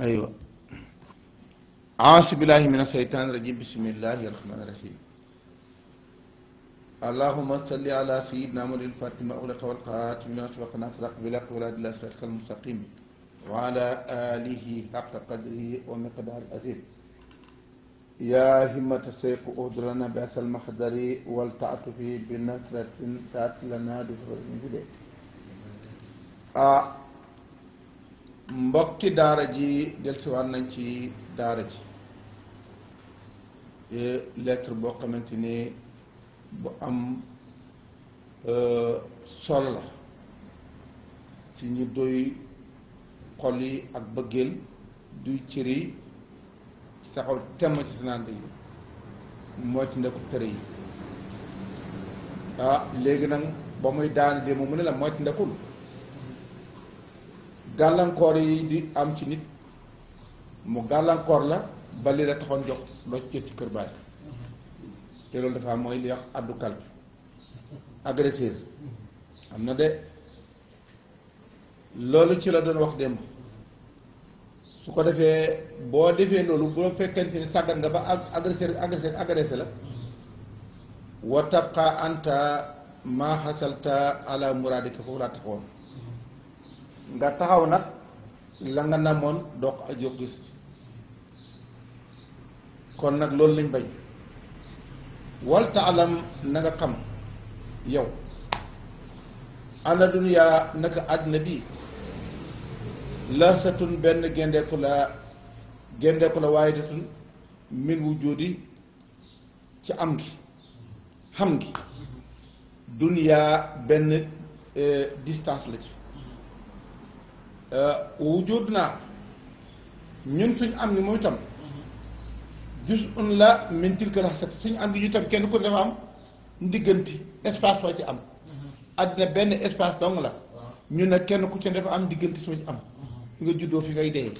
أيوة أعوذ بالله من الشيطان الرجيم بسم الله الرحمن الرحيم اللهم صل على سيدنا محمد الفاتح ما أغلق والقاتم لما سبق ناصر بلاك ولاد الله المستقيم وعلى آله حق قدره ومقدار العظيم يا همة الشيخ أدرنا لنا بأس المحضر والتعطف بنصرة سات لنا دفر من آه mbokki daara ji dellusiwaat nañ ci daara ji e lettre boo xamante ni bu am e, solo la ci ñu doy xol yi ak bëggeel duy cër yi taxaw temm ci sanaan yi moo ndeku tëre yi ah léegi nag ba muy daan de moom mu ne la moo ndekul gàllankoor yi di am ci nit mu gàllankoor la ba li la taxoon jox ci kër baay loolu dafa mooy li wax addu kal am na de loolu ci la doon wax démb su ko defee boo defee loolu boo fekkente ni sàggan nga ba agresseur agresseur agressé la wa tabqa anta maa xasalta ala muraadika foofu laa taxawoon nga taxaw nag la nga namoon dox ak yokku kon nag loolu lañ bañ wal alam na nga xam yow ana duniyaa naka àddina bi la sa tun benn gendeeku la gendeeku la waaye detun min wujudi ci am gi xam gi duniyaa benn eh, distance la ci Euh, wujud naa ñun suñ am ni moom itam juz'un la min tilka lahsat suñu am ni ñu itam kenn ku ne am ndigganti espace soo ci am àddina benn espace dong la ñun ne kenn ku ci ne dafa am ndigganti soo ci am fi nga juddoo fi ngay dee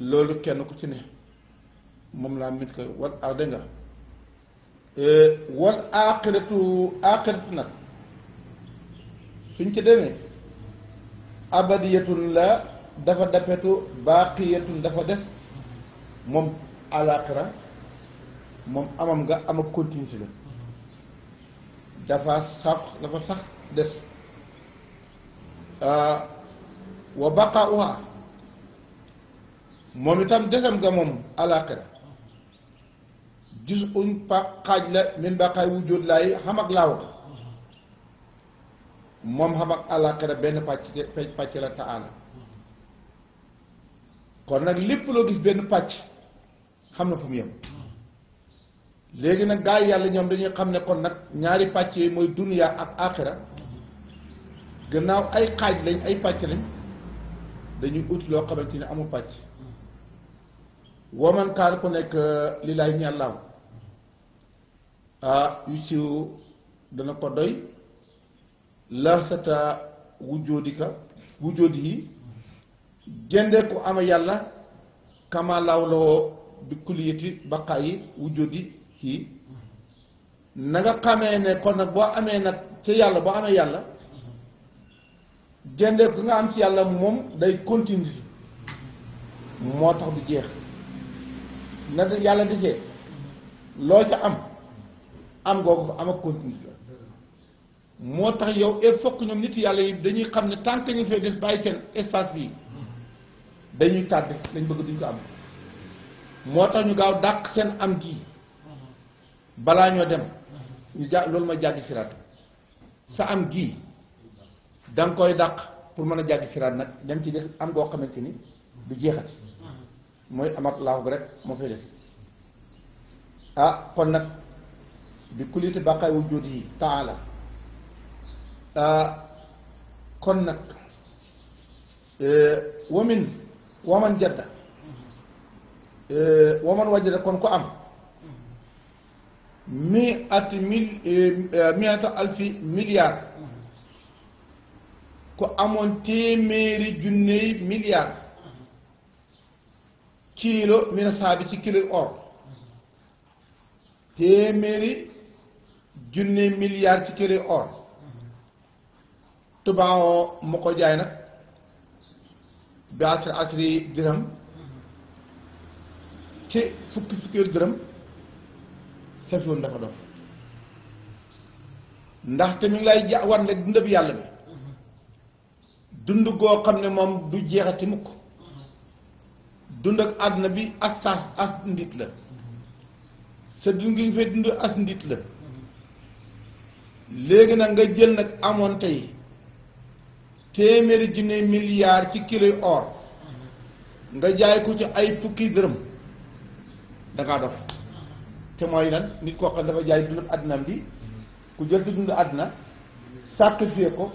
loolu kenn ku ci ne moom laa mit ko wal ah dégg nga euh, wal aaxiratu aaxiratu nag suñ ci demee abadiyatun la dafa dapetu baqiyatun dafa des moom alaaxira moom amam nga ama continuité la dafa sax dafa sax des ah, wa baqaauha moom itam desam nga moom alaaxira gis uñ pa xaaj la min baqaay wujjóot laay xam ak laa wax moom xam ak àllaaxira benn pàcc pàcc la taala kon nag lépp loo gis benn pàcc xam na fu mu yem léegi nag gaa yi yàlla ñoom dañuy xam ne kon nag ñaari pàcc yooyu mooy dunya ak aaxira gannaaw ay xaaj lañ ay pàcc lañ dañuy ut loo xamante ni amul pàcc waman kaar ku nekk li laay ñàllaaw yu ci dana ko doy lasata wujjoodika wujjoodihi gendee ko ama yàlla kama lawloo bi kuliyati baqaayi wujjoodihi na nga xamee ne kon nag boo amee nag ca yàlla boo amee yàlla gendee ko nga am ci yàlla moom day continuer moo tax du jeex na yàlla desee loo ca am am googu am ak continuer moo tax yow il faut que ñoom nit yàlla yi dañuy xam ne tant que ñu fay def bàyyi seen espace bii dañuy tàdd lañ bëgg duñ ko am moo tax ñu gaaw dàq seen am gii balaa ñoo dem ñu ja loolu ma jàggi siraat sa am gii da nga koy dàq pour mën a jàggi siraat nag dem ci des am goo xamante ni du jeexati mooy amat laaxu rek moo fay def ah kon nag bi kuliti bàqaay wu jóot yi taala kon nag e, wamin waman jadda e, waman wajada kon ko am mi at mil e, miata alfi milliard ku amoon téeméeri junney milliard kilo mina saabi ci kilo or téeméeri junney milliard ci kilo or tubaaxoo mu ko jaay nag bi asri asri dirham ci fukki fukki dërëm safiwoon dafa dof ndaxte mi ngi lay ja war ne dund bi yàlla bi dund goo xam ne moom du jeexati mukk dund ak àdduna bi as saas as ndit la sa dund ngi fay dund as ndit la léegi nag nga jël nag amoon tey téeméeri junne milliard ci kilo or nga jaay ko ci ay fukki dërëm dangaa dof te mooy lan nit koo xam dafa jaay dund àddinaam bi ku jël ci dund àddina sacrifié ko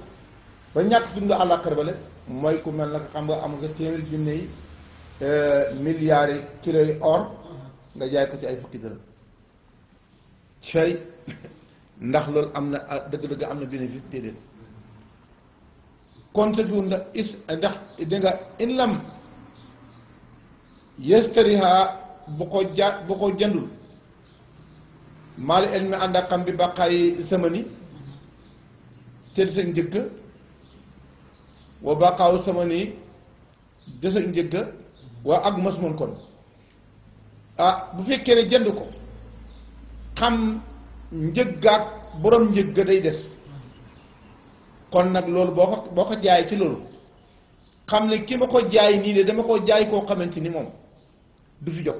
ba ñàkk dund àllaaxira bale mooy ku mel nag xam nga am nga téeméeri junne euh, yi milliards kilo yi nga jaay ko ci ay fukki dërëm cey ndax loolu am na dëgg-dëgg am na bénéfice déedéet compte tuur ndax is ndax di nga inlam yestariha bu ko ja bu ko jëndul maali elmi ànd ak xam bi baqaayi samani tëdd sa njëkk wa baqaawu samani dësa njëkk waa ak mas kon ah bu fekkee ne jënd ko xam njëggaak borom njëgga day des kon nag loolu boo ko boo ko jaay ci loolu xam ne ki ma ko jaay nii de dama ko jaay koo xamante ni moom du fi jóg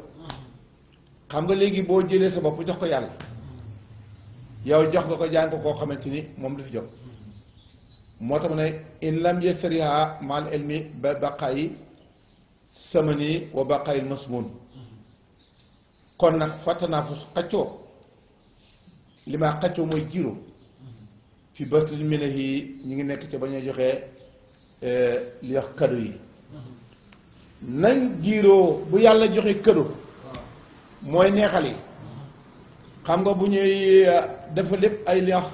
xam nga léegi boo jëlee sa bopp jox ko yàlla yow jox nga ko jaay ko koo xamante ni moom du fi jóg moo tax ma ne in lam yastariha mal ilmi ba baqaayi samani wa baqaayil masmun kon nag fàttanaa fu xaccoo li ma xaccoo mooy jiiroo fi batil minahi ñu ngi nekk ca ba ñuy joxe eh, li wax kado yi nañ giiroo bu yàlla joxe kado mooy neexal yi xam nga bu ñuy eh, defal lépp ay li wax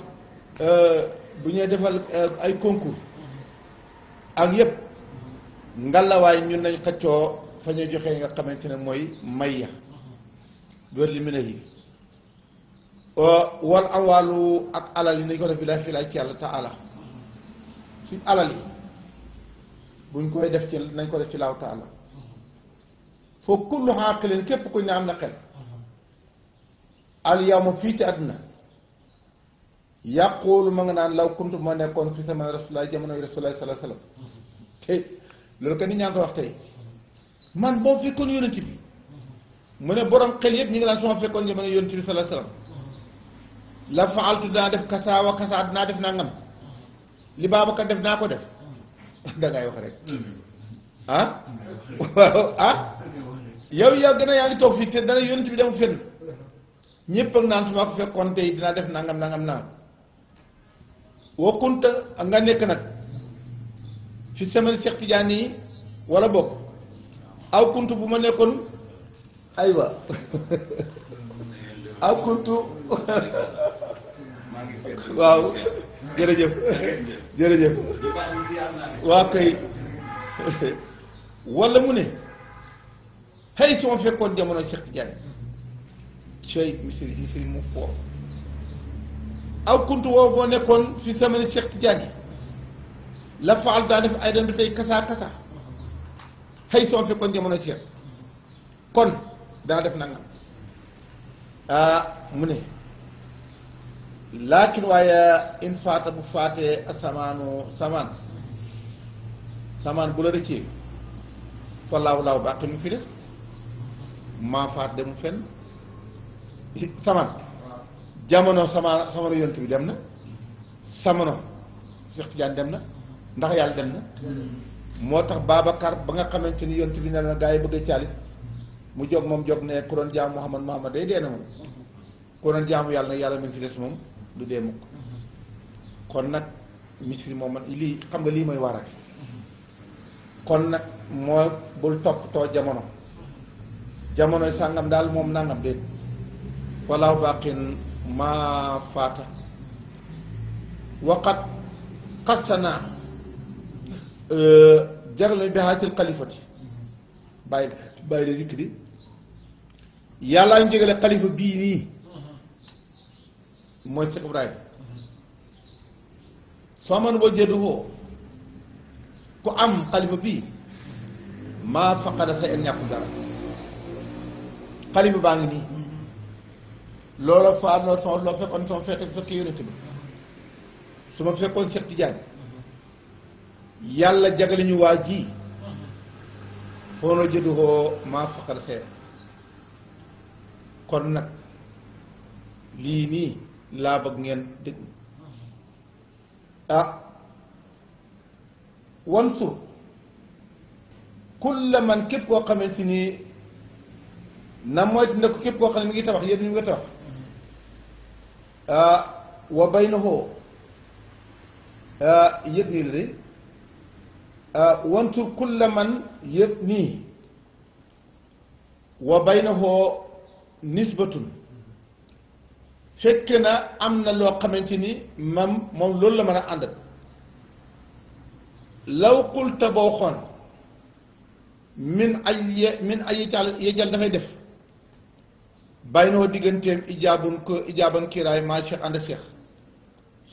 eh, bu ñuy defal ay concours ak yépp ngalawaay ñun nañ xëccoo fa ñuy joxe nga xamante ne mooy may ya batil minahi Euh, wal awaalu ak alal yi nañ ko def bi lay filaay ci yàlla taala suñ alal yi buñ koy def ci nañ ko def ci laaw taala foo kullu xaqilin képp kuñ ne am na xel al yawma fii ci àdduna yàquwul ma nga naan law kuntu ma nekkoon fi sama rasulaay jamono rasulaay salaa salaam tey loolu kat nit ñaa ngi wax tey man boo fekkoon yonent bi mu ne borom xel yëpp ñu ngi naan su ma fekkoon jamono yonent bi salaa salaam la faaltu dinaa def kasaa wa kasaa dinaa def nangam li Babacar def naa ko def dangay wax rek ah waaw ah yow yaa gën a yaa ngi toog fii te dana yonent bi dem fenn ñëpp naan su ma ko fekkoon tey dinaa def nangam nangam nangam wakkunta nga nekk nag fi semaine Cheikh Tidiane yi wala bokk aw kuntu bu ma nekkoon aywa aw kuntu waaw jërëjëf jërëjëf waaw kay wala mu ne xëy su ma fekkoon jamono Cheikh Tidiane cey misiri misiri mu foor aw kuntu woo boo nekkoon fi samani Cheikh Tidiane la faal daa def ay dan bi tey kasaa kasaa xëy su ma fekkoon jamono Cheikh kon daa def nangam ah, mu ne lakin waaye in faata bu faatee asamaanu samaan samaan bu la rëccee fa laaw laaw ba mu fi def maa faat dem fenn samaan jamono samaan samano yont bi dem na samano Cheikh Jaan dem na ndax yàlla dem na moo tax Babacar ba nga xamante ni yont bi ne na gaa yi bëgg caalit mu jóg moom jóg ne ku doon jaamu Muhammad Muhammad day dee na moom ku jaamu yàlla na yàlla mi ngi fi des moom du dee mukk mhm. kon nag misir moom lii xam nga lii mooy waral mhm. kon nag moo bul toppatoo jamono jamono sàngam daal moom nangam déet falaaw baqin maa faata waqat xasanaa euh, jagle bi haasil xalifati mhm. bàyyi bàyyi la zikri yàllaa njëgale xalifa bii nii mooy Cheikh Ibrahima faman wajadahu ku am xalifa bii maa faqada sa en ñàkku dara xalifa baa ngi nii loola fa am na son loo fekkoon son fekk fekk yonent bi su ma fekkoon Cheikh Tidiane yàlla jagale ñu waa ji xoono jëduhoo maa faqada sa kon nag lii nii laa bëgg ngeen dégg ah wansur kulla man képp koo xamante si nii na moytu ne ko képp koo xam ne mi ngi tabax yéen ñu nga tabax ah wa baynahoo ah yëg nii la de ah wansur kulla man yëg nii wa baynahoo nisbatun fekk na am na loo xamante ni mam moom loolu la mën a àndal law qulta boo xoon min ay min ay yejal yejal dafay def bàyyi na ko digganteem ijaabun ko ijaaban kiiraay maa cheikh ànd cheikh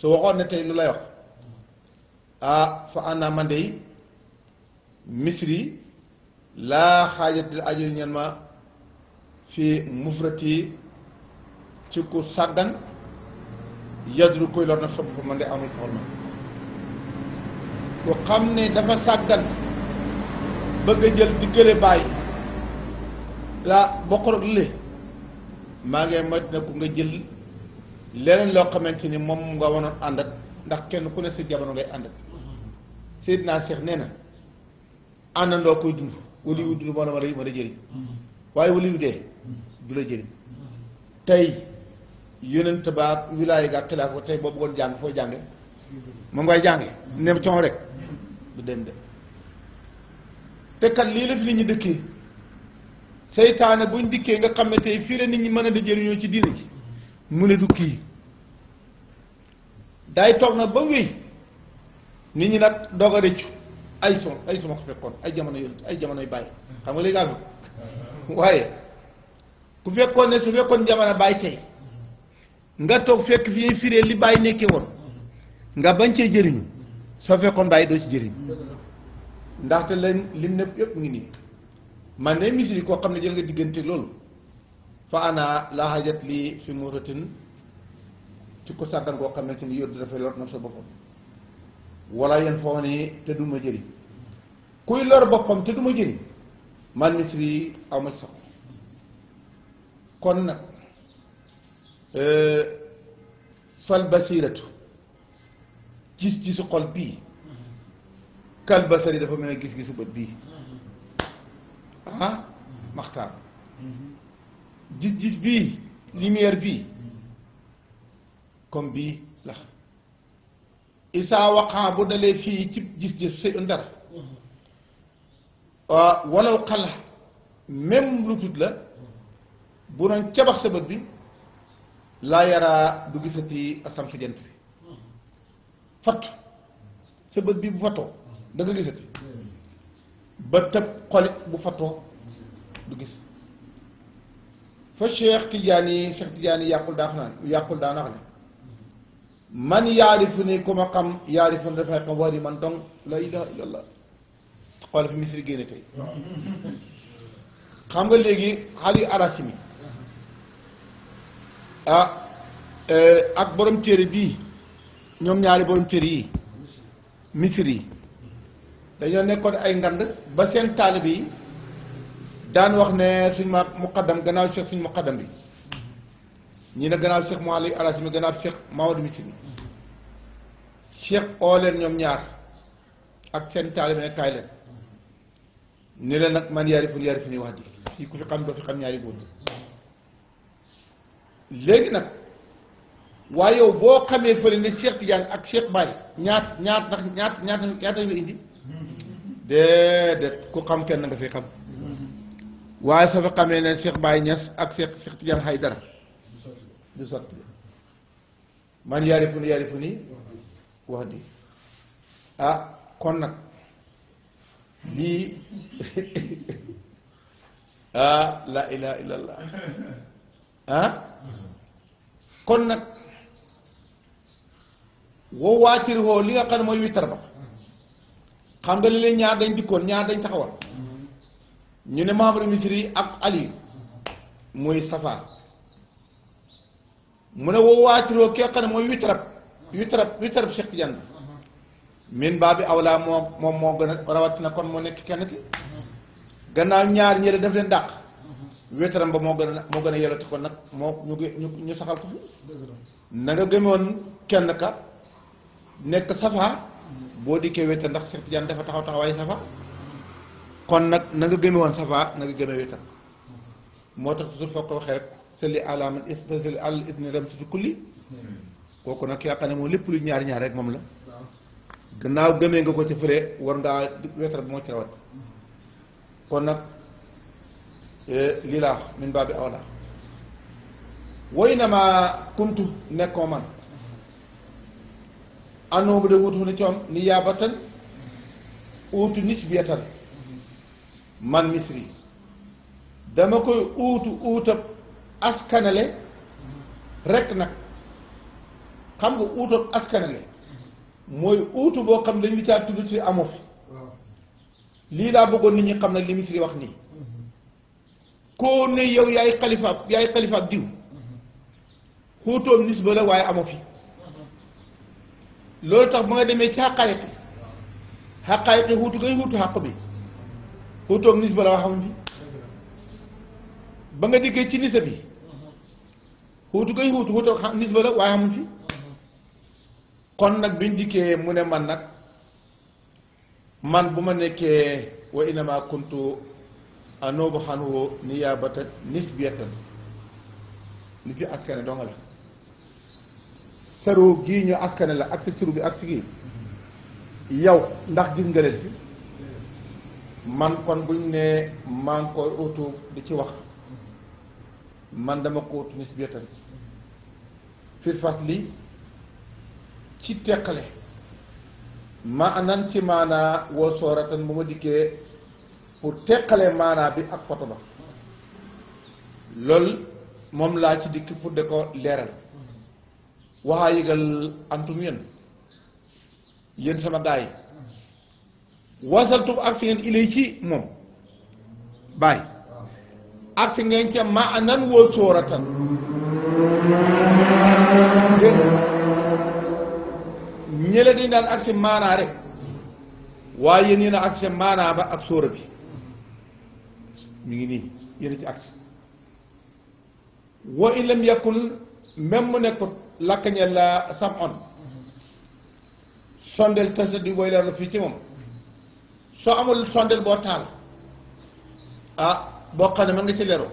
su waxoon ne tey lu lay wax ah fa ana man dey misri laa xaajat dil ajiri ñen ma fii mufrati ci ku sàggan yadru koy lor na sob ko man de amul soxla ku xam ne dafa sàggan bëgg a jël diggale bàyyi laa bokkorog lile maa ngi mot na ku nga jël leneen loo xamante ni moom nga wanoon àndat ndax kenn ku ne sa jamono ngay àndat naa Cheikh nee na àndandoo koy dund wali wu dund moo la ma a mën jëriñ mm-hmm. waaye wali dee du la jëriñ tey yónent ba wilaay ga xilaaf ba tey boo bëggoon jàng foo jànge moom ngay jànge ne coono rek dem de te kat lii la fi nit ñi dëkkee seytaane buñ dikkee nga xam ne tey fii nit ñi mën a di jëriñoo ci diine ji ne du kii day toog nag ba ñi nag doog a rëccu ay son ay suma ko fekkoon ay jamono yu ay jamonoy bàyyi xam nga léegi àgg waaye ku fekkoon ne su fekkoon jamono bàyyi tey nga toog fekk fi firee li bàyyi nekkee woon nga bañ cee jëriñu soo fekkoon bàyyi doo ci jëriñ ndaxte leen lim ne yëpp ngi nii man ne misiri koo xam ne jël nga diggante loolu fa ana la hajat lii fi muratin ci ko sàggan koo xamante ni yóddu dafay lor na sa boppam wala yéen foo ne te duma jëriñ kuy lor boppam te duma jëriñ man misiri aw ma sax kon nag Euh, fal basiratu gis xol bii kal dafa mel ne gis-gisu bët bii ah maxtaar gis-gis bii lumière bii comme bii la isaa waqan bu dalee fii ci gis-gis say ndar ah, walaw xala même lu tut la bu doon cabax sa bët bi laa yaraa du gisati asam si jant bi fatt sa bët bii bu fattoo da nga gisati ba tëb xolit bu fattoo du gis fa Cheikh Tidiane Cheikh Tidiane yàqul daa xanaan yàqul daa nax ne man yaarifu ni ku ma xam yaarifu ni dafay xam war yi man dong la ilaha illallah xool fi misri génne tey xam nga léegi xaal yu mi ah eh, ak boroom cére bii ñoom ñaari borom téere yi misir yi dañoo nekkoon ay ngand ba seen taalib yi daan wax ne suñ ma muqaddam gannaaw cheikh suñ muqaddam bi ñi ne gannaaw cheikh Mouhamed Arasimi gannaaw cheikh Maodo misir yi cheikh oo leen ñoom ñaar ak seen taalib ne kaay leen ni leen nag man yaari fu yaari fu ñuy wax ji fii ku fi xam doo fi xam ñaari góor léegi nag waaye yow boo xamee fële ne Cheikh Tidiane ak Cheikh Baye ñaat ñaat ndax ñaat ñaata ñaata ñu indi déedéet ku xam kenn nga fi xam waaye soo ak Cheikh Cheikh Tidiane Haydara du sotti man yaarifu ni yaarifu ni wax di ah kon nag lii ah la ilaha illallah ah kon nag woo waatir woo li nga xam ne mooy wittar ba xam nga li leen ñaar dañ dikkoon ñaar dañ taxawal ñu ne membre misri ak ali muy safa mu ne woo waatiroo ki nga xam ne mooy witrab witrab witrab Cheikh Tidiane min baa bi awlaa moo moom moo gën a rawatina kon moo nekk kenn ki gannaaw ñaar ñële daf leen dàq wéetaram ba moo gën a moo gën a yelati ko nag moo ñu ñu ñu saxal ko fi na nga gëmoon kenn ka nekk safa boo dikkee wéta ndax Cheikh Tidiane dafa taxaw taxawaay safa kon nag na nga gëmoon safa na nga gën a wéetal moo tax toujours foo ko waxee rek sëli alaman is sëli àll is ni rem si fi kulli kooku nag yaakaar ne moom lépp lu ñaar ñaar rek moom la gannaaw gëmee nga ko ci fële war ngaa wéetal ba moo ci rawat kon nag E, lii laa min baabi awla woy na ma kuntu nekkoo man andooma ba de wutu na coom ni yaabatan uutu nit biyatan man misri dama koy uutu uutab askanale rek nag xam nga uutab askanale mooy uutu boo xam ne dañu caa tudd ci amu fi lii laa bëggoon nit ñi xam nag li misri wax nii koo ne yow yaay xalifaab yaay xalifaab diw xuutoom nisba waaye amu fi loolu tax ba nga demee ci xaqaayiqi xaqaayiqi xuutu ngay xuutu xaq bi xuutoom nisba la wax fi ba nga diggee ci nisa bi xuutu ngay xuutu xuutu nisba la waaye amu fi kon nag biñ dikkee mu ne man nag man bu ma nekkee wa inama kuntu anoobu xanuwoo ni yaabata nit biyatan ni fi askane doo nga la saroo gii ñu askane la ak si tur bi ak si kii yow ndax gis nga leen man kon buñ ne maa ngi koy utu di ci wax man dama ko utu nit biyatan fil fas li ci teqale ma anan ci maanaa woo sooratan bu ma dikkee pour teqalee maanaa bi ak foto ba loolu moom laa ci dikk pour de ko leeral waxaa yëgal antum yéen yéen sama gaa yi wasaltum ak si ngeen ilay ci moom bàyyi ak si ngeen ca ma anan woo sóoratan ñële dañ daan ak si maanaa rek waaye yéen yéen ak si maanaa ba ak sóora bi mu ngi nii yéen ci agsi wa in lam yakun même mu nekkut lakk la sam on sondeel tësët bi booy leerlu fii ci moom soo amul sondeel boo taal ah boo xam ne mën nga ci leeru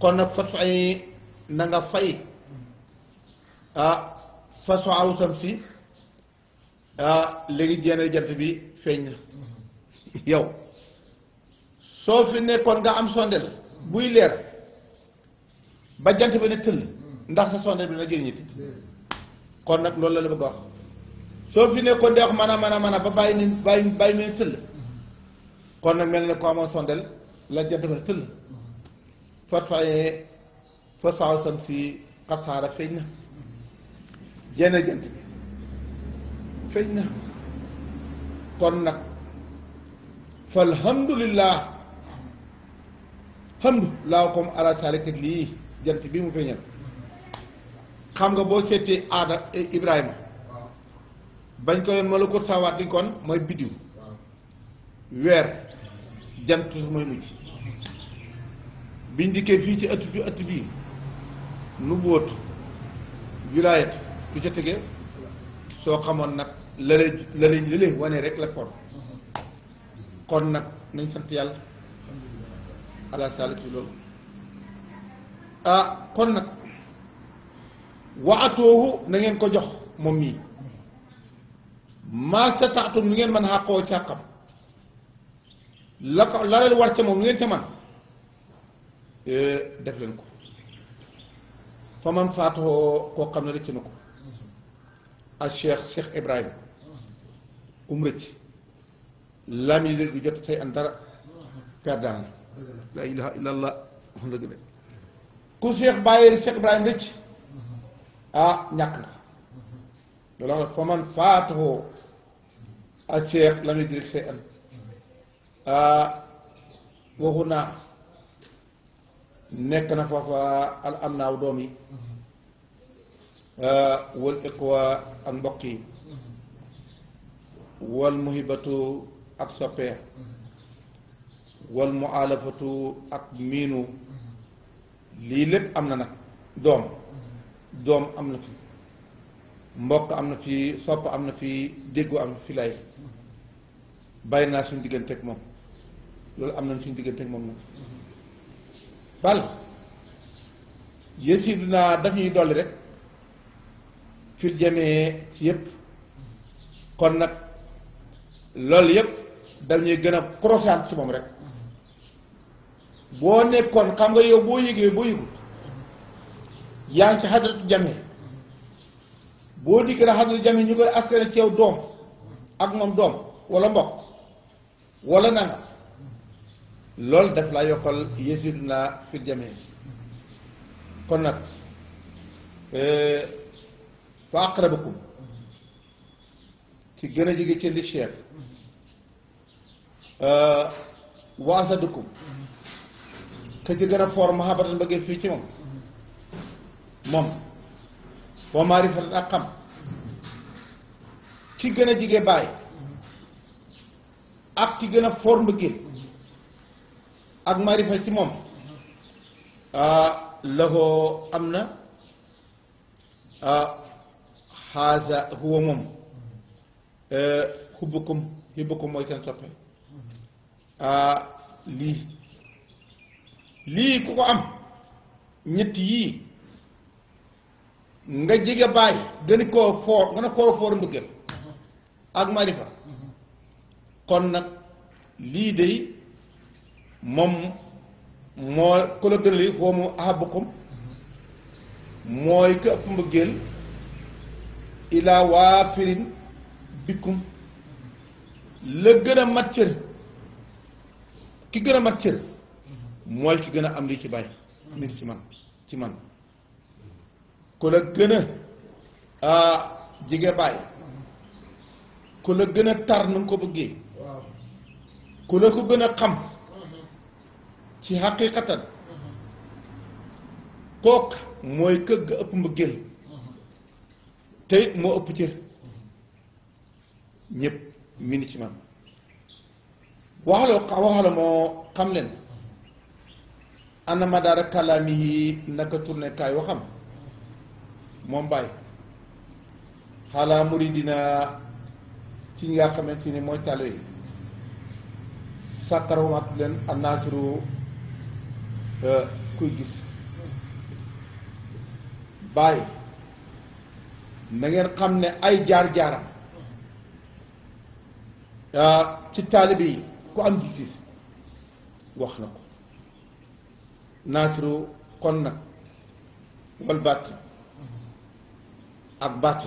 kon nag fas ay na nga fay ah façon awusam si ah, léegi jéene jant bi feeñ yow soo fi nekkoon nga am sondeel buy leer ba jant bi ne tëll ndax sa sondeel bi na jëriñit kon nag loolu la la bëgg wax soo fi nekkoon di wax man a man a ba bàyyi ni bàyyi bàyyi tëll kon nag mel ne ko amoon sondeel la jant bi ne tëll fat fayee fat faaw sam si xasaara feeñ na jenn jant bi feeñ na kon nag falhamdulillah xënd laaw comme ala saari teg lii jant bi mu feeñal xam nga boo seetee aada eh, Ibrahima bañ ko yoon ma la ko tawaat kon mooy biddiw weer jant mooy mujj biñ dikkee fii ci ëtt bi ëtt bii nu bóot wilaayat du ca tege soo xamoon nag lële lële lële wane rek la kon kon nag nañ sant yàlla ala saalik ah kon nag waatoohu na ngeen ko jox moom mii maa sa taxtum nu ngeen mën xàqoo ci xàqam la ko la leen war ca moom nu ngeen ca man e, def leen ko fa man faatoo koo xam ne rëcc na ko ak Cheikh Cheikh Ibrahima um rëcc lami léegi jot say an dara perdaan laa ilaha illallah wax dëgg de ku Cheikh bàyyi Cheikh Ibrahim rëcc ah ñàkk nga loolu fa man faatoo ak Cheikh la muy direk say an ah, waxu naa nekk na foofa al am naaw doom yi ah, wal iqwa ak mbokk yi wal muhibatu ak soppee wal mu alafatu ak miinu lii lépp am na nag doom doom am na fi mbokk am na fi sopp am na fi déggoo am na fi lay bàyyi naa suñu diggante moom loolu am na suñu diggante ak moom nag bal yësidu naa daf ñuy dolli rek fil jamee ci yépp kon nag loolu yépp dañuy gën a croissant ci moom rek boo nekkoon xam nga yow boo yëgee boo yëgut yaa ngi ci xadratu jami boo dikkee na xadratu jami ñu koy askane ci yow doom ak moom doom wala mbokk wala nanga loolu daf laa yokkal yéesidu naa fil jami kon nag euh, fa aqrabakum ci gën a jege ci li cheikh euh, wa te ci gën a foor mahabatan mbëggeel fii ci moom moom wa maarifatan ak xam ci gën a jige bàyyi ak ci gën a foor mbëggeel ak maarifa ci moom ah, lahoo am na xaasa ah, huwa moom xubbukum eh, xibbukum mooy seen soppe ah, lii lii ku ko am ñett yii nga jege baay gën koo foor gën a koo foor mbëggeel ak marifa kon nag lii day moom moo ku la gën a lii xoomu ahabukum mooy ko ëpp mbëggeel ilaa waa firin bikkum la gën a mat cër ki gën a mat cër mooy ci gën a am li ci bàyyi nit ci man ci man ku la gën a jige bàyyi ku la gën a tar na nga ko bëggee ku la ko gën a xam ci xaqiqatan kook mooy këgg ga ëpp mbëggeel te moo ëpp cër ñëpp mi ci man wax waxala moo xam leen ana madaara kàllaami yi naka tourné kaay waxam moom bàyyi xaalaa muridina ci nga xamante ni mooy tàlle yi sàkkarawmat leen annaasiru e, kuy gis bàyyi na xam ne ay jaar-jaaram e, ci taalibe yi ku am gis wax na ko naatiru kon nag wal bàtt ak bàtt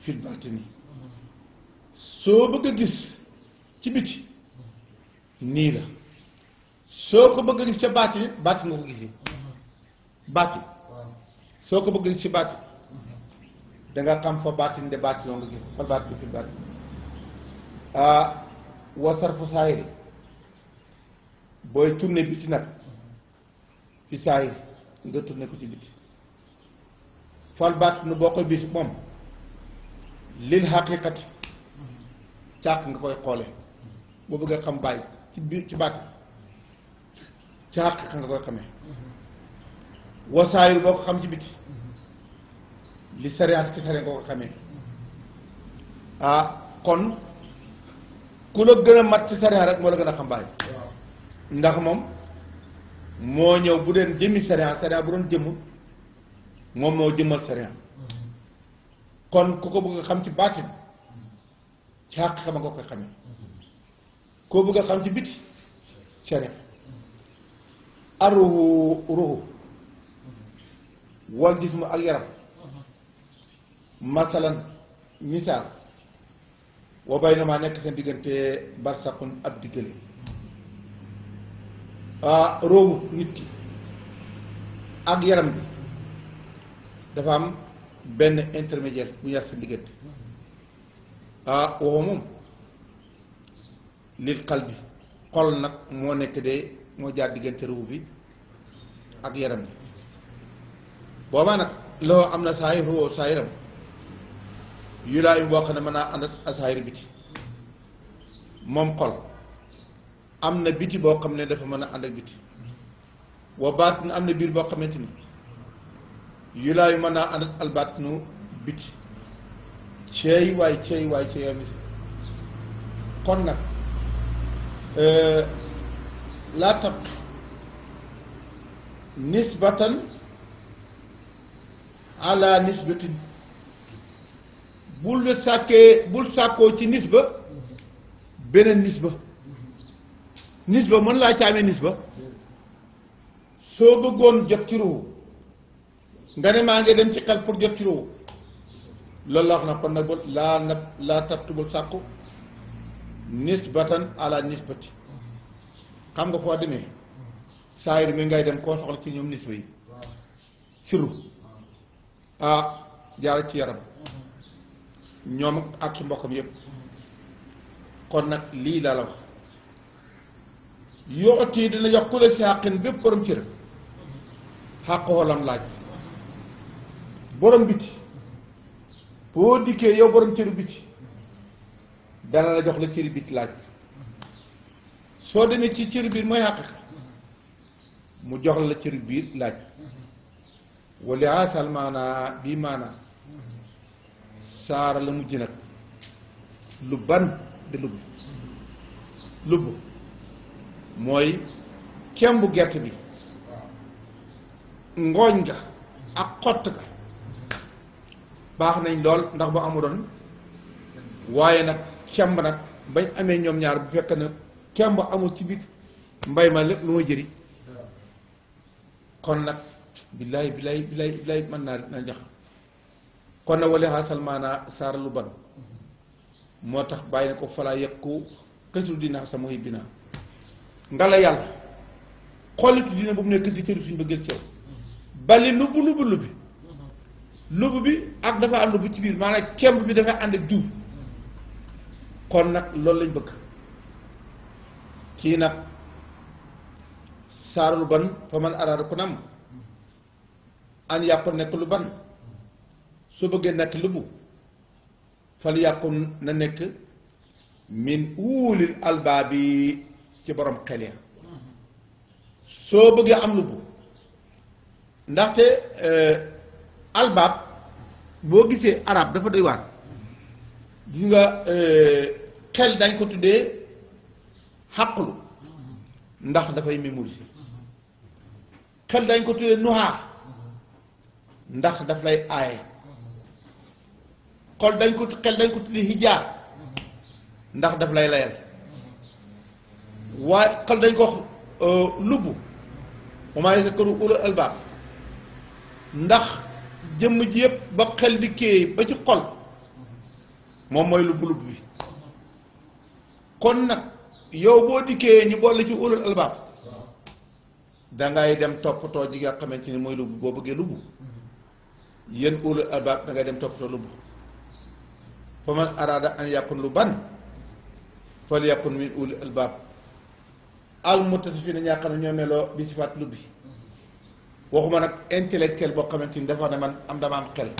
fil nii soo bëgg a gis ci biti nii la soo ko bëgg a gis ca bàtt bàtt nga ko gisee bàtt soo ko bëgg a gis ci bàtt da nga xam fa bàtt de bàtt loo nga gis fal bàtt bi fil bàtt ah, wasar fu booy tourné biti nag fi saay nga tourné ko ci biti fal baat nu boo koy biir moom lil xaqiqati càq nga koy xoole boo bëggee xam bàyyi ci biir ci baat ci xaqiqa nga koy xamee wasaayir boo ko xam ci biti li sariyaat ci sariya nga ko xamee ah kon ku la gën a mat ci sariya rek moo la gën a xam bàyyi ndax moom moo ñëw bu deen jëmmi sharia sharia bu doon jëmm moom moo jëmmal sharia kon ku ko bëgg xam ci baatin ci xàq xam nga ko xamee koo bëgg a xam ci biti sharia aruhu ruhu wal jismu ak yaram masalan misaal wa bay na maa nekk seen diggante barsaqun ab diggale roobu nit ki ak yaram bi dafa am benn intermédiaire bu yar sa diggante ah moom lil xal bi xol nag moo nekk de moo jaar diggante roobu bi ak yaram bi boobaa nag loo am na saay ruwoo saayiram yu laa yu boo ne mën naa ànd ak saayir biti moom xol am na biti boo xam ne dafa mën a ànd ak biti wa baatin am na biir boo xamante ni yu laa yu mën naa ànd ak albaatinu biti ceey waay ceey waay ceey kon nag euh, laa tab nisbatan ala nisbatin bul sàkkee bul sàkkoo ci nisba beneen nisba nis ba mën laa caamee nis ba soo bëggoon jot ci ruuxu nga ne maa ngi dem ci xel pour jot ci ruuxu loolu la wax na kon nag laa nag laa tabtubul sàkku nisbatan ala nisbati xam nga foo demee saayir mi ngay dem koo soxla ci ñoom nisba yi siru ah jaar ci yaram ñoom ak ci mbokkam yépp kon nag lii laa yooti dina jox ku la si xàqin bépp borom cër xàq walam laaj borom biti boo dikkee yow borom cër biti dana la jox la cër biti laaj soo demee ci cër biir mooy xàq mu jox la cër biir laaj wali asal maanaa bii maanaa saara la mujj nag lu ban di lubb lubb mooy kembu gerte bi ngooñ ga ak xott ga baax nañ lool ndax ba amu doon waaye nag kemb nag bañ amee ñoom ñaar bu fekk na kemb amul ci biir mbay ma lépp lu ma jëri kon nag billaay billaay billaay man mën naa na kon nag wala xaasal maanaa saar lu ban moo tax bàyyi na ko falaa yëg ku kësul dinaa sama yi binaa nga la yàlla xoolitu dina bu mu nekk ci cëri suñu bëggee ci yow bali lubbu lubbu lubbi lubbu bi ak dafa ànd bu ci biir maanaam kemb bi dafay ànd ak jiw kon nag loolu lañ bëgg kii nag saarul ban fa man araada ku nam an yàqu nekk lu ban su bëggee nekk lubbu fal yàqu na nekk min uulil albaabi ci borom xel ya soo bëggee am lu bu ndaxte euh, albaab boo gisee araab dafa doy waar di nga euh, xel dañ ko tuddee xàqlu ndax dafay mémoriser xel dañ ko tuddee nuxaa ndax daf lay aaye xol dañ ko xel dañ ko tuddee hijaar ndax daf lay layal waaye xal dañ ko wax euh, lubb wa maa yazakkaru ulul albaab ndax jëmm ji yëpp ba xel dikkee ba ci xol moom mooy lubb lubb bi kon nag yow boo dikkee ñu boole ci ulul albaab dangay dem toppatoo ji nga xamante ni mooy lubb boo bëggee lubb yéen ulul albaab dangay dem toppatoo lubb fa man araada an yakun lu ban fal yakun min ulul albaab almutasifina ñaa xam ne ñoo meloo bi sifaat lubbi waxuma nag intellectuel boo xamante ni dafa ne man am dama am xel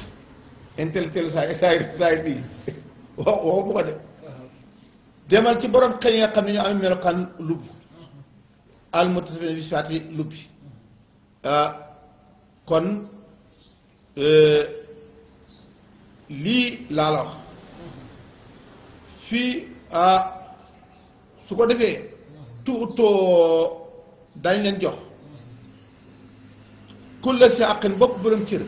intellectuel saa saay saay bii wax waxu de demal ci borom xel yi nga xam ne ñoo am melokaan lubb almutasifina bi sifaat yi lubbi ah, kon euh, lii laa fii ah, su ko defee tuutoo dañ leen jox kulla si àqin bopp borom cër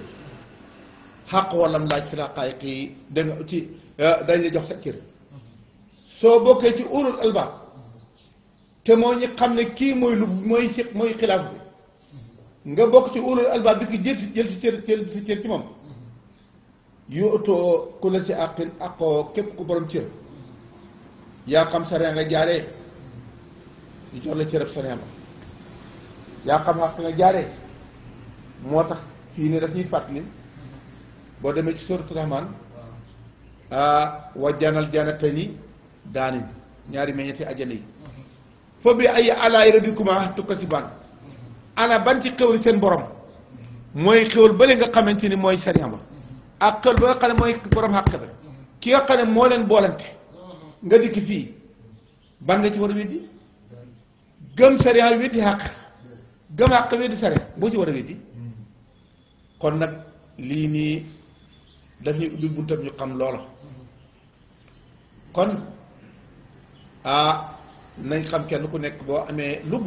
walla walam laaj fi laqaay kii dégg nga ci euh, dañ la jox sa cër soo bokkee ci urul albaab te moo ñu xam ne kii mooy lu mooy si xilaaf bi nga bokk ci urul albaab bi ki jël si jël si cër jël si cër ci moom yootoo si àqin àqoo képp ku borom cër yaa xam sa nga jaaree ñu jox la cërëb sariya ba yaa xam xaq nga jaaree moo tax fii ne daf ñuy fàttali boo demee ci suratul rahman wa janal janatayni daanin ñaari meññeeti ajana yi mm-hmm. foo bi ay alaay rabbikuma tukazzibaan mm-hmm. ana ban ci xéwal seen borom mm-hmm. mooy xéwal bële nga xamante ni mooy sariya ba ak xéwal ba nga xam mooy borom xàq ba ki nga xam ne moo leen boolante nga dikk fii ban nga ci war a weddi gëm sariya weddi xàq gëm xàq weddi sariya boo ci war a weddi kon nag lii nii daf ñuy ubbi buntam ñu xam loola kon ah nañ xam kenn ku nekk boo amee lubb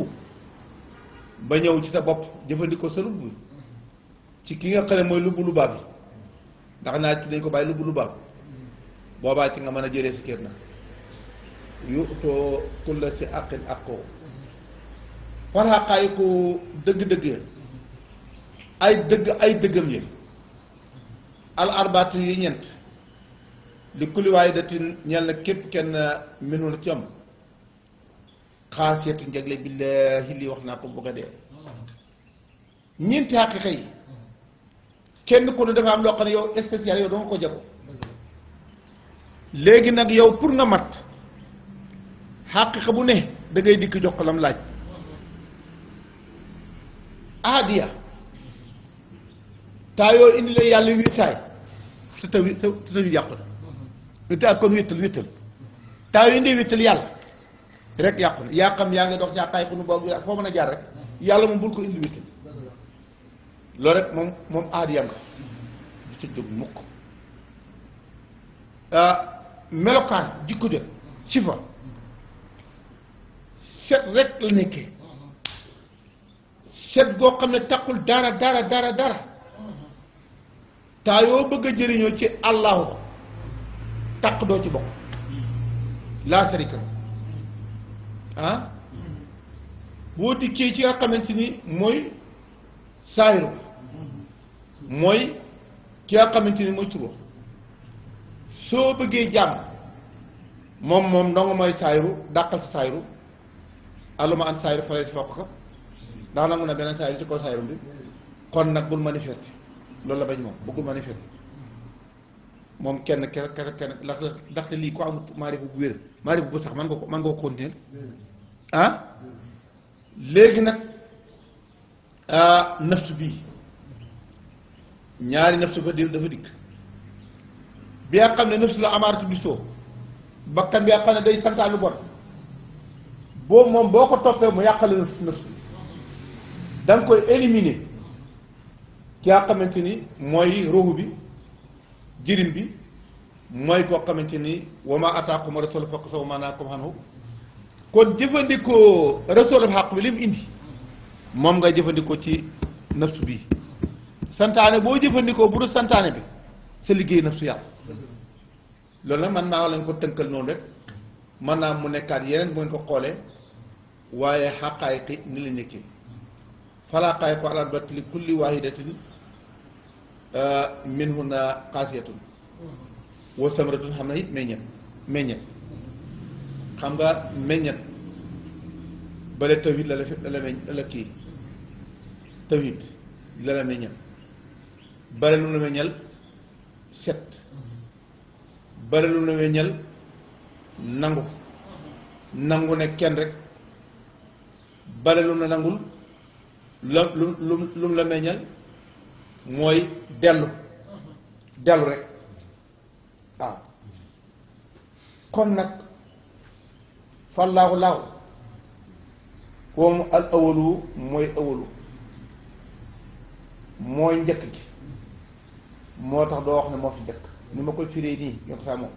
ba ñëw ci sa bopp jëfandikoo sa lubb ci ki nga xam ne mooy lubb lubaab bi ndax naa ci dañ ko bàyyi lubb lubaab boobaa ci nga mën a jëlee si kër na yu utoo kulla si àqin àqoo far xaqaayi ko dëgg-dëgg ya ay dëgg ay dëggam ya al arbaatu yi ñeent li kuliwaay dati ñel na képp kenn mënul ci am xaasiyatu njagle billaahi lii wax naa ko bëgg a dee ñeenti xaqiqa yi kenn ku ne dafa am loo xam ne yow spécial yow danga ko jago léegi nag yow pour nga mat xaqiqa bu ne da ngay dikk jox ko laaj ahadiya taa indi la yàlla wéetaay sa taw sa taw yàqu na wéetaay kon wéetal wéetal taa indi wéetal yàlla rek yàqu yaa xam yaa ngi dox yaa xaay xunu boobu foo mën a jaar rek yàlla moom bul ko indi wéetal loolu rek moom moom aadiyam la du ca jóg mukk ah, melokaan jikko jot sifa set rek la nekkee set goo xam ne takkul dara dara dara dara taa yoo bëgg a jëriñoo ci allahu takk doo ci bokk laa sarika ah boo dikkee ci nga xamante ni mooy saayiru mooy ki nga xamante ni mooy turo soo bëggee jàmm moom moom ndongo mooy saayiru dàqal sa saayiru aluma an saayiru fa lay si fokk ka ndax la na beneen saa yi ci kaw saayiram bi kon nag bul manifester loolu la bañ moom bëggul manifester moom kenn ke ke kenn ndax ndax lii ko amut maarifu bu wér maarifu bu sax man nga ko man nga ah? léegi nag ah, naftu bii ñaari naftu fa dir dafa dikk bi nga xam ne naftu la amaaratu bi soo bakkan bi nga xam ne day santaanu bor boobu moom boo ko toppee mu yàqale naftu naftu da nga koy éliminer ki nga ni mooy ruux bi jirim bi mooy koo xamante ni wa ma ataakum rasul faqtu wa ma nahaakum anhu kon jëfandikoo rasul xaq bi li indi moom ngay jëfandikoo ci nafsu bii santaane boo jëfandikoo bu dul santaane bi sa liggéey nafsu yàlla loolu nag man naa lañ ko tënkal noonu rek man naa mu nekkaat yeneen bu ko xoolee waaye xaqaay ni la nekkee falaa xayiqu alal batli kulli wahidatin uh, minhunna xaasiyatun wa samratun xam na it meññet meññet xam nga meññet bale tawit la la fi la la kii tawit la la meññal bale lu la meññal set bale lu la meññal nangu nangu ne kenn rek bale lu la nangul la lu lu lu la meññal mooy dellu dellu rek waaw kon nag fallaahu laaw koomu al awalu mooy awalu mooy njëkk gi moo tax doo wax ne moo fi njëkk ni ma koy firee nii ñoo saa moom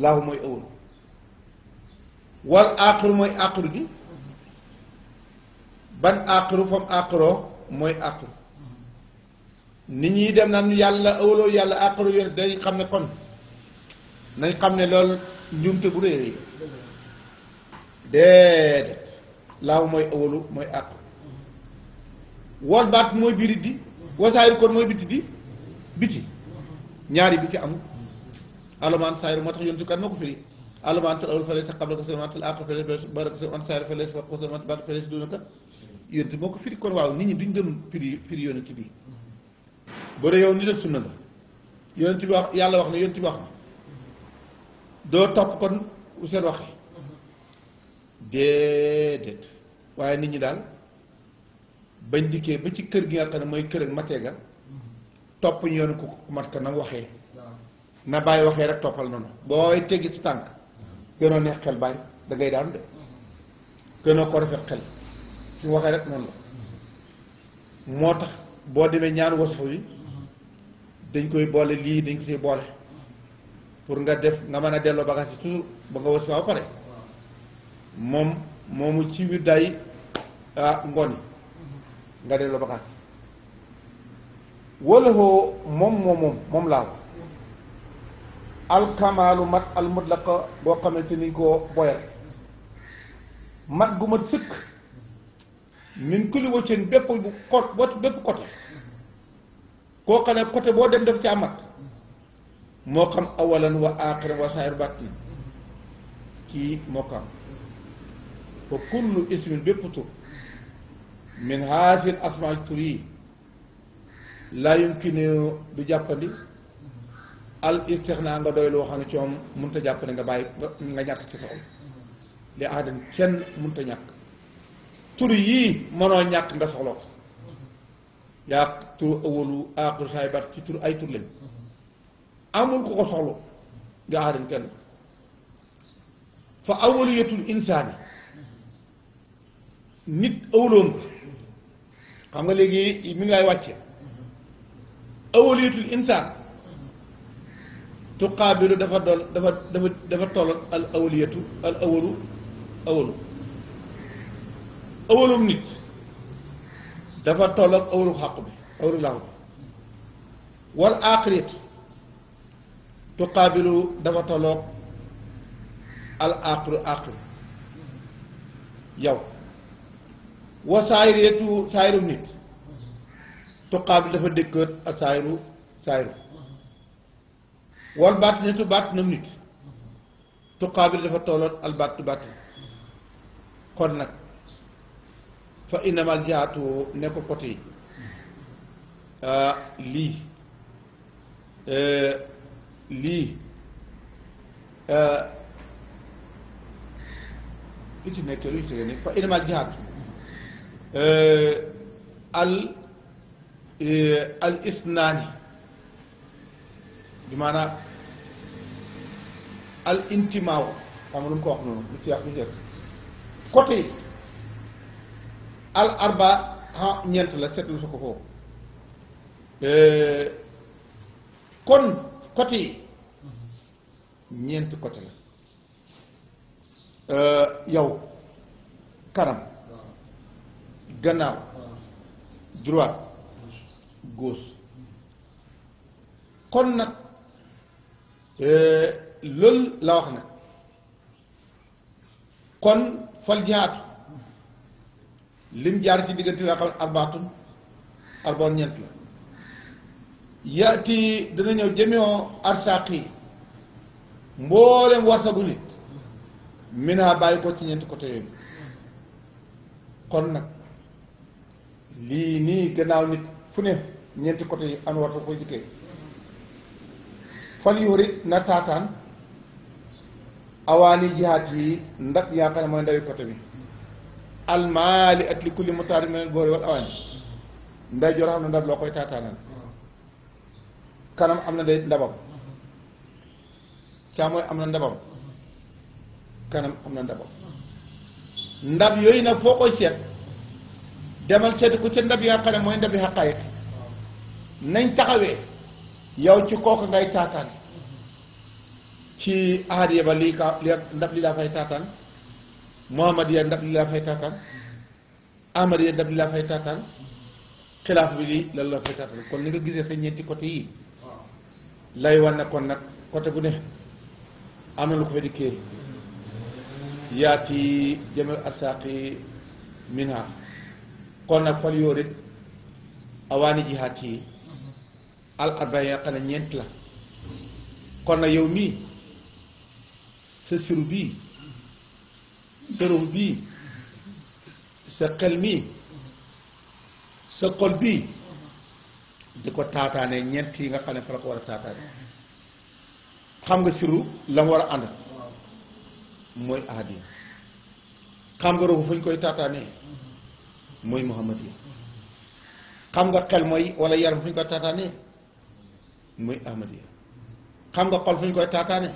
laahu mooy awalu wal aaxiru mooy aaxiru gi ban àqru fam àqroo mooy àqru nit ñi dem naan yàlla awloo yàlla àqru yooyu day xam ne kon nañ xam ne loolu njuumte bu réy réy déedéet laaw mooy awalu mooy àqru wol baat mooy biiri di wasaayir kon mooy biti di biti ñaari bi ci amul alamaan saayir moo tax yontu kan moo ko firi alamaan tal awal fa lay sa xabla ko sa matal àqru fa lay sa barak sa man saayir fa lay sa ko sa man baat fa lay sa duna ka yonent moo ko firi kon waaw nit ñi duñ gëm firi firi yonent bi boo dee yow nit ak sunna nga yonent bi wax yàlla wax na yonent bi wax na doo topp kon seen wax déedéet waaye nit ñi daal bañ dikkee ba ci kër gi nga xam ne mooy kër ak matee ga topp ñu yoon ku mat ka nag waxee na bàyyi waxee rek toppal noonu booy teggi ci tànk gënoo neex xel bàyyi da ngay daanu de gënoo ko rafet xel su waxee rek noonu la moo tax boo demee ñaan wasufa wi dañ koy boole lii dañ ko ciy boole pour nga def nga mën a delloo bagage yi toujours ba nga wasufa ba pare moom moomu ci wir day ngoon yi nga delloo bagage yi wala hoo moom moom moom moom alkamaalu mat al mutlaq boo xamante ni ko boyal mat gu mat sëkk min kulli wëccin bépp bu kot bépp côté boo dem def ci amat moo xam awalan wa aaxiran wa saahir bàttin kii moo xam wa kullu ismin bépp tur min haasil asmaa tur yi laa yumkinu du jàppandi al istixnaa nga doy loo xam ne ci moom mënut a jàppandi nga bàyyi nga ñàkk ci soxla li aadan kenn mënut a ñàkk tur yii mënoo ñàkk nga soxla ko yaa tur awalu aaxiru saaybat ci tur ay tur lañ amul ku ko soxla nga aarin kenn fa awaliyatul insaani nit awaloon nga xam nga léegi mi ngi lay wàcce awaliyatul insaan tuqaabilu dafa doon dafa dafa dafa tollal al awaliyatu al awalu awalu ëwalum nit dafa toll ak ëwalum bi ëwalum làngu wal aaxiratu tuqaabilu dafa tolloog al aaxiru aaxiru yow wa saayiratu saayirum nit tuqaabilu dafa dëkkat ak saayiru saayiru wal baatinatu baatinam nit tuqaabilu dafa tolloog al baatu baatu kon nag fa innamal jaatu ne ko côté euh, lii euh, lii euh, lu ci nekkee lu ci tege ne fa innamal jaatu al al isnaani bi maanaam al intimaaw xam nga mu ko wax noonu lu ci yàq lu ci des al arba ha ñeent la seetlu sa ko foofu kon côté ñeenti ñeent côté la yow kanam gannaaw droite gauche kon nag loolu la wax nag kon fal lim jaar ci diggante laa xam arbaatun arboon ñeent la yaati dana ñëw jëmeoo arsaaqi mbooleem warsagu nit minaa bàyyi ko ci ñeenti côté yooyu kon nag lii nii gannaaw nit fu ne ñeenti côté yi am warta ko jikkee fal yurit na taataan awaani jihaat yi ndax yaakaar ne mooy ndawi côté bi almaali at li kulli mutaari minal góori wal awaan nday na ndab loo koy taataanal kanam am na day ndabam càmmooy am na ndabam kanam am na ndabam ndab yooyu nag foo koy seet demal seet ku ca ndab yi nga mooy ndab yi xaqaayiq nañ taxawee yow ci kooku ngay taataan ci aar yeba lii ka ndab li laa koy taataan Muhammadiya ndab li laa fay taataan Amadiya ndab li laa fay taataan xilaaf bi lii lan la fay taataan kon ni nga gisee sa ñeenti côté yii lay wan kon nag côté bu ne am na lu ko fa dikkee yaati jamal arsaaqi minha kon nag fal yoorit awaani jihaat yi al arba ya xam la kon nag yow mii sa siru bii sa ruux bii sa xel mii sa xol bii di ko taataane ñeent yi nga xam ne fa la ko war a taataane xam nga siru la mu war a ànd mooy aadi xam nga ruuxu fu koy taataanee mooy muhammad xam nga xel mooy wala yaram fu ñu koy taataanee mooy ahmad xam nga xol fu ñu koy taataane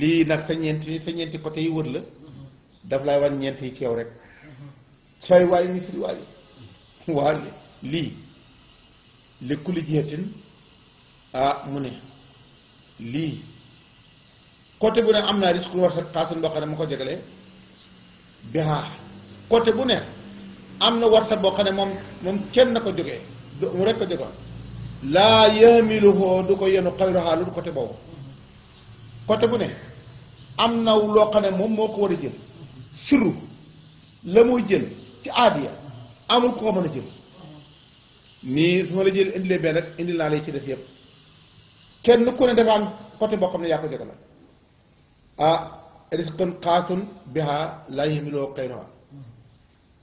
lii nag sa ñeenti sa ñeenti côté yi wër la daf lay wan ñeent yi ci yow rek sooy waayu ñu lii li kulli jihatin ah mu ne lii côté bu ne am naa risque lu war sa xaasun boo xam ne côté bu ne am na war boo xam ne moom moom kenn na ko jógee mu rek ko jógoon laa yamiluhoo du ko yenu xayruhaa lu côté boobu côté bu ne am na loo xam ne moom moo ko war a jël firu la muy jël ci aadiya amul koo mën a jël nii su ma la jël indilee benn rek indi laa lay ci def yëpp kenn ku ne dafa am boo xam ne yaa ko jogal ah risqun xaasun biha laa yemiloo xayruha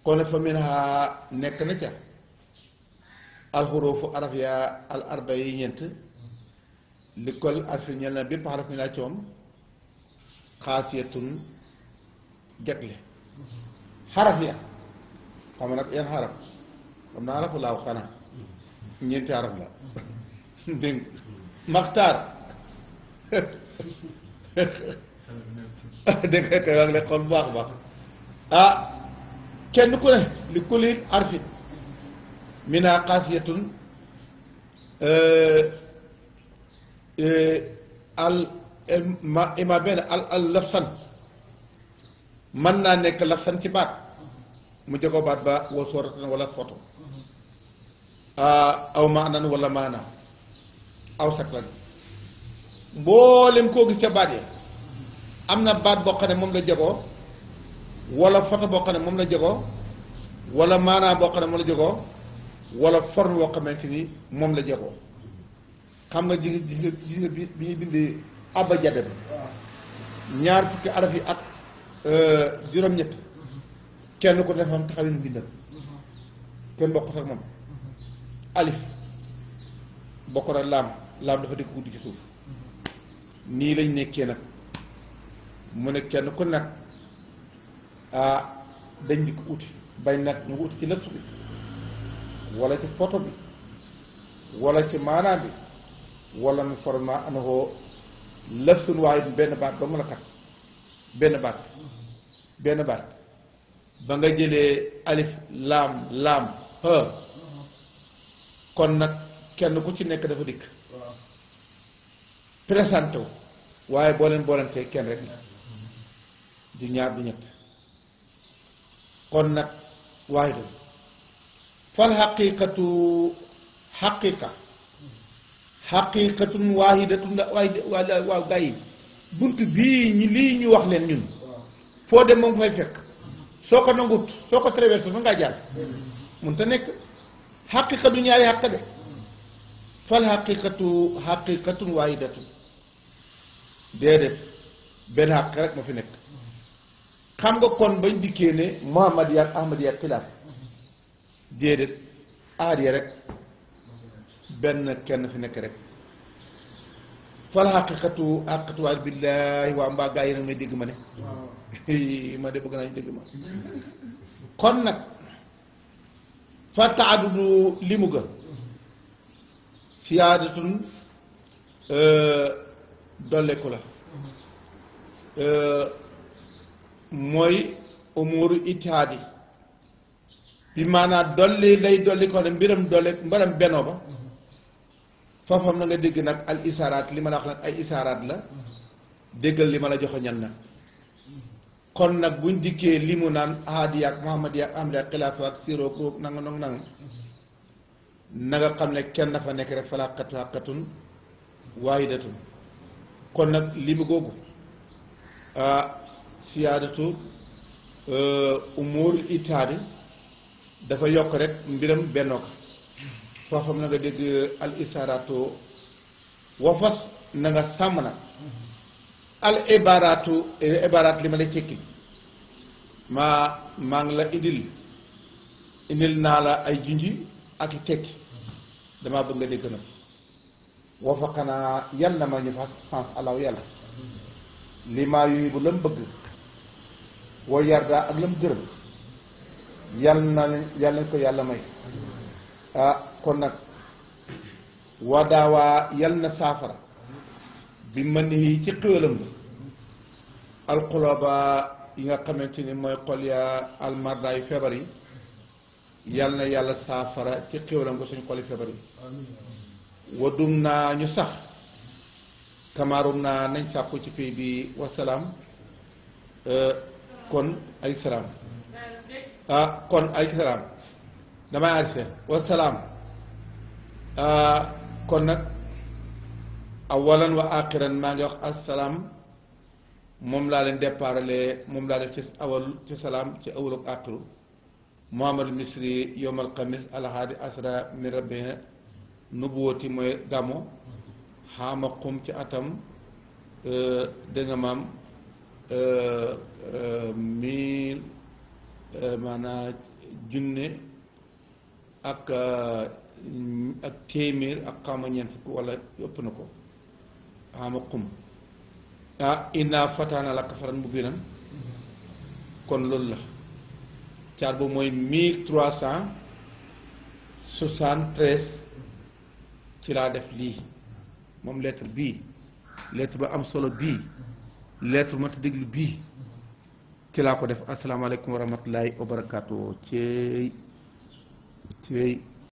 kon fa minha nekk na ca alxurufu araf yaa al arba yi ñeent li kol arfi ñel na bépp xaraf mi naa jagle haraf ya xam nag yan haraf xam naa arafu laaw xanaa ñeenti haraf la dégg maxtaar dégg nga kay wax le xol bu baax a baax ah kenn ku ne li kulli arfi mina xaasiyatun al ma ima benn al al lafsan mën naa nekk lafsan ci baat mu jagoo baat ba wa suuratan wala foto aw maanan wala maanaam aw saklan mboolem koo gis ca baat yi am na baat boo xam ne moom la jagoo wala foto boo xam ne moom la jagoo wala maanaam boo xam ne moom la jagoo wala forme boo xamante ni moom la jagoo xam nga gis nga gis nga bi ñuy bindee abajadem ñaar fukki araf yi ak Euh, juróom-ñett kenn ku nekk am taxawin bindam kenn bokkut ak moom alif bokkut ak laam laam dafa dëkk guddi ci suuf nii lañ nekkee nag mu ne kenn ku nag ah dañ di ko bañ nag ñu uti ci lëtt bi walla ci photo bi wala ci maanaam bi wala nu format anakoo lëf suñu waaye benn baat ba mu la kat benn baat benn baat ba nga jëlee alif laam laam kon nag kenn ku ci nekk dafa dikk présenté wu waaye boo leen kenn rek du ñaar du ñett kon nag waaxidu fal xaqiqatu xaqiqa xaqiqatun waaxidatun waaw gaa bunt bii ñu lii ñu wax leen ñun foo dem moom fay fekk soo ko nangut soo ko traversé fa ngaa jàll mun te nekk xaqiqa du ñaari xaq de fal xaqiqatu xaqiqatun waahidatu déedéet benn xaq rek ma fi nekk xam nga kon bañ dikkee ne Muhammad yaag Ahmad yaag xilaaf déedéet aar ya rek benn kenn fi nekk rek fal xaqiqatu xaqiqatuwaay billaahi waa mbaa gaa yi dégg ma ne ma de bëgg naa ñu dégg ma kon nag fa taadudu li mu gën siyaadatun euh, dolleku la euh, mooy umuru itaadi bi maanaa dolli lay dolli ko ne mbiram dolle mbaram benoo ba foofa na nga dégg nag al isaaraat li ma la wax nag ay isaaraat la déggal li ma la joxoñal nag kon nag buñ dikkee li mu naan ahadi yaak muhammad yaak amri yaak xilaafa ak siro nga xam ne kenn dafa nekk rek falaa xatun kon nag li mu googu ah siyaadatu umur itaadi dafa yokk rek mbiram bennoo ko foofu na nga dégg al isaaraatu wafas na nga sàmm nag al ibaaraatu ibaaraat li ma lay tekki maa maa ngi la indil indil naa la ay junji ak i tekki damaa bëgg nga dégg nag wafaqanaa yal na ma ñu fa sens alaw yàlla li maa yuy bu lam bëgg woo yardaa ak lam gërëm yal na yal nañ ko yàlla may ah, kon nag waa daawaa yal na saafara bi mën yi ci xéwalam la alxulooba yi nga xamante ni mooy xol ya almarda yu feebar yi yal na yàlla saafara ci xéwalam nga suñ xoli feebar yi wadum naa ñu sax kamaarum naa nañ sàkku ci fii bi wasalaam euh, kon ay salaam ah, kon ay salaam damay arrêté wasalaam Ah, kon nag awalan wa axiran maa ngi wax asalaam moom laa leen déparale moom laa def ci awal ci salaam ci awal ak aqiru muhammad misri yowmal xamis alhaadi asra min rabbina nubuwati mooy gamo xaama xum ci atam eh, dégg maam eh, mille eh, maanaa junne ak Mm, ak téeméer ak xawma ñeent fukk wala ëpp na ko xawma xum ah inna fataana laka fatan mubinan kon loolu la caar boobu mooy mille trois cent soixante treize ci laa def lii moom lettre bii lettre bu am solo bii lettre ma ta déglu bii ci laa ko def asalaamaaleykum wa rahmatullahi wa barakaatu ceey ceey